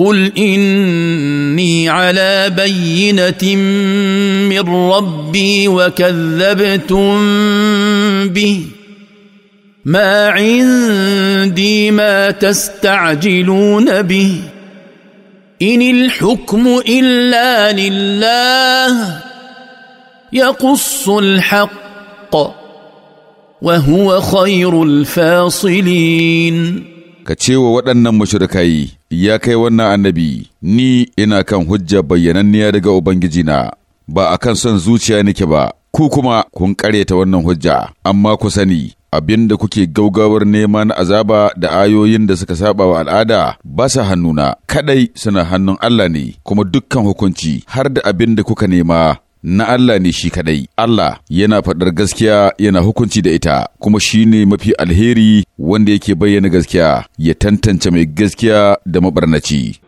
قل اني على بينه من ربي وكذبتم به ما عندي ما تستعجلون به ان الحكم الا لله يقص الحق وهو خير الفاصلين ka ce wa waɗannan mashirkai ya kai wannan annabi ni ina kan hujja bayyananniya daga ubangijina ba a kan son zuciya nake ba ku kuma kun ta wannan hujja amma ku sani abin da kuke gaugawar neman azaba da ayoyin da suka saba wa al'ada ba sa hannuna Kaɗai suna hannun Allah ne kuma dukkan hukunci har da abin da kuka nema na Allah ne shi kadai. Allah yana faɗar gaskiya yana hukunci da ita, kuma shi ne mafi alheri wanda yake bayyana gaskiya, ya tantance mai gaskiya da mabarnaci.